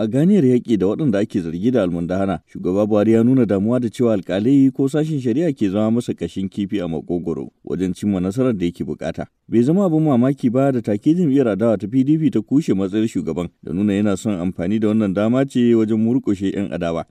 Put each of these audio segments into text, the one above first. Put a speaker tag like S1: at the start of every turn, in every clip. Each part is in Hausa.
S1: A ganiyar yaƙi da waɗanda ake zargi da almundahana, shugaba Buhari ya nuna damuwa da cewa alƙalai ko sashen shari'a ke zama masa ƙashin kifi a makogoro. wajen cimma nasarar da yake bukata. Bai zama abin mamaki ba da take jam'iyyar adawa ta PDP ta kushe matsayar shugaban da nuna yana son amfani da wannan dama ce wajen murkushe 'yan adawa.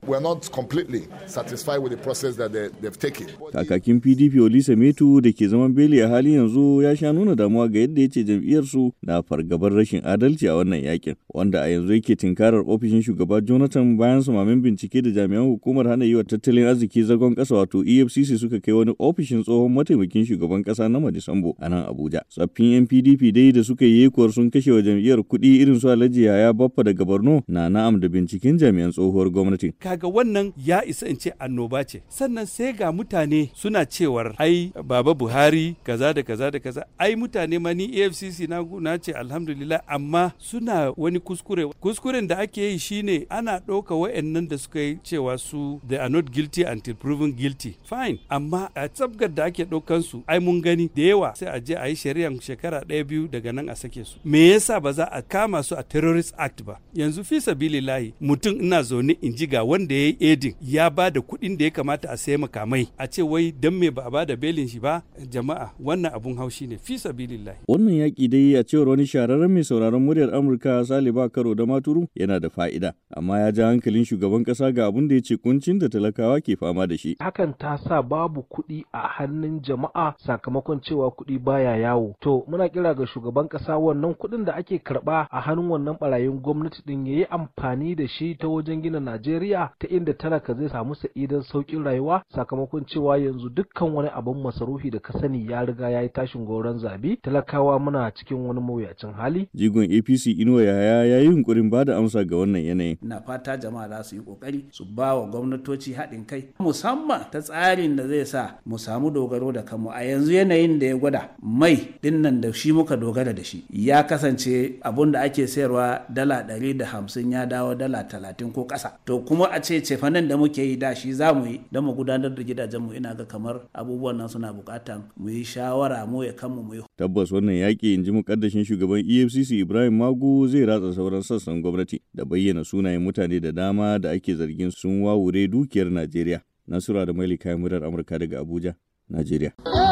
S1: Kakakin PDP Olisa Metu da ke zaman beli a halin yanzu ya sha nuna damuwa ga yadda ya ce su na fargabar rashin adalci a wannan yakin wanda a yanzu yake tinkarar ofishin shugaba Jonathan bayan mamin bincike da jami'an hukumar hana yiwa tattalin arziki zagon kasa wato EFCC suka kai wani ofishin tsohon mataimakin shugaba shugaban kasa na Madisambo a nan Abuja. Tsaffin 'yan PDP dai da suka yi yekuwar sun kashe wa jam'iyyar kuɗi irin su Alhaji Yaya Baffa daga Borno na na'am da binciken jami'an tsohuwar gwamnati.
S2: Kaga wannan ya isa in ce annoba ce. Sannan sai ga mutane suna cewar ai Baba Buhari kaza da kaza da kaza ai mutane ma ni AFCC na na ce alhamdulillah amma suna wani kuskure. Kuskuren da ake yi shine ana ɗauka wa'annan da suka yi cewa su they are not guilty until proven guilty. Fine amma a tsabgar da ake ɗaukan su ai mun gani da yawa sai a je a yi shari'ar shekara ɗaya biyu daga nan a sake su me yasa ba za a kama su a terrorist act ba yanzu fi sabilillahi mutum ina zaune in ji ga wanda ya yi edin ya ba da kuɗin da ya kamata a sai makamai a ce wai dan me ba a ba da belin shi ba jama'a wannan abun haushi ne fi sabilillahi
S1: wannan yaki dai a cewar wani shararren mai sauraron muryar Amurka ba Karo da Maturu yana da fa'ida amma ya ja hankalin shugaban kasa ga abin da ya ce kuncin da talakawa ke fama da shi hakan ta
S3: sa babu kuɗi a hannun jama'a sakamakon cewa kuɗi baya yawo to muna kira ga shugaban ƙasa wannan kuɗin da ake karɓa a hannun wannan barayin gwamnati din yi amfani da shi ta wajen gina Najeriya ta inda talaka zai samu sa'idan saukin rayuwa sakamakon cewa yanzu dukkan wani abin masarufi da ka sani ya riga ya yi tashin goron zabi talakawa
S4: muna cikin wani mawuyacin hali
S1: jigon APC Inuwa Yahaya ya yi yunƙurin ba da amsa ga wannan yanayin
S4: na fata jama'a za su yi kokari su ba wa gwamnatoci haɗin kai musamman ta tsarin da zai sa mu samu dogaro da kanmu a yanzu yanayin da ya gwada mai dinnan da shi muka dogara da shi ya kasance abun da ake sayarwa dala ɗari da hamsin ya dawo dala talatin ko ƙasa to kuma a ce cefanen da muke yi da shi za mu yi don mu gudanar da gidajen mu ina ga kamar abubuwan nan suna buƙatan mu yi shawara mu ya kanmu mu yi.
S1: tabbas wannan yaƙi in ji mukaddashin shugaban efcc ibrahim magu zai ratsa sauran sassan gwamnati da bayyana sunayen mutane da dama da ake zargin sun wawure dukiyar najeriya nasura da kayan murar amurka daga abuja najeriya.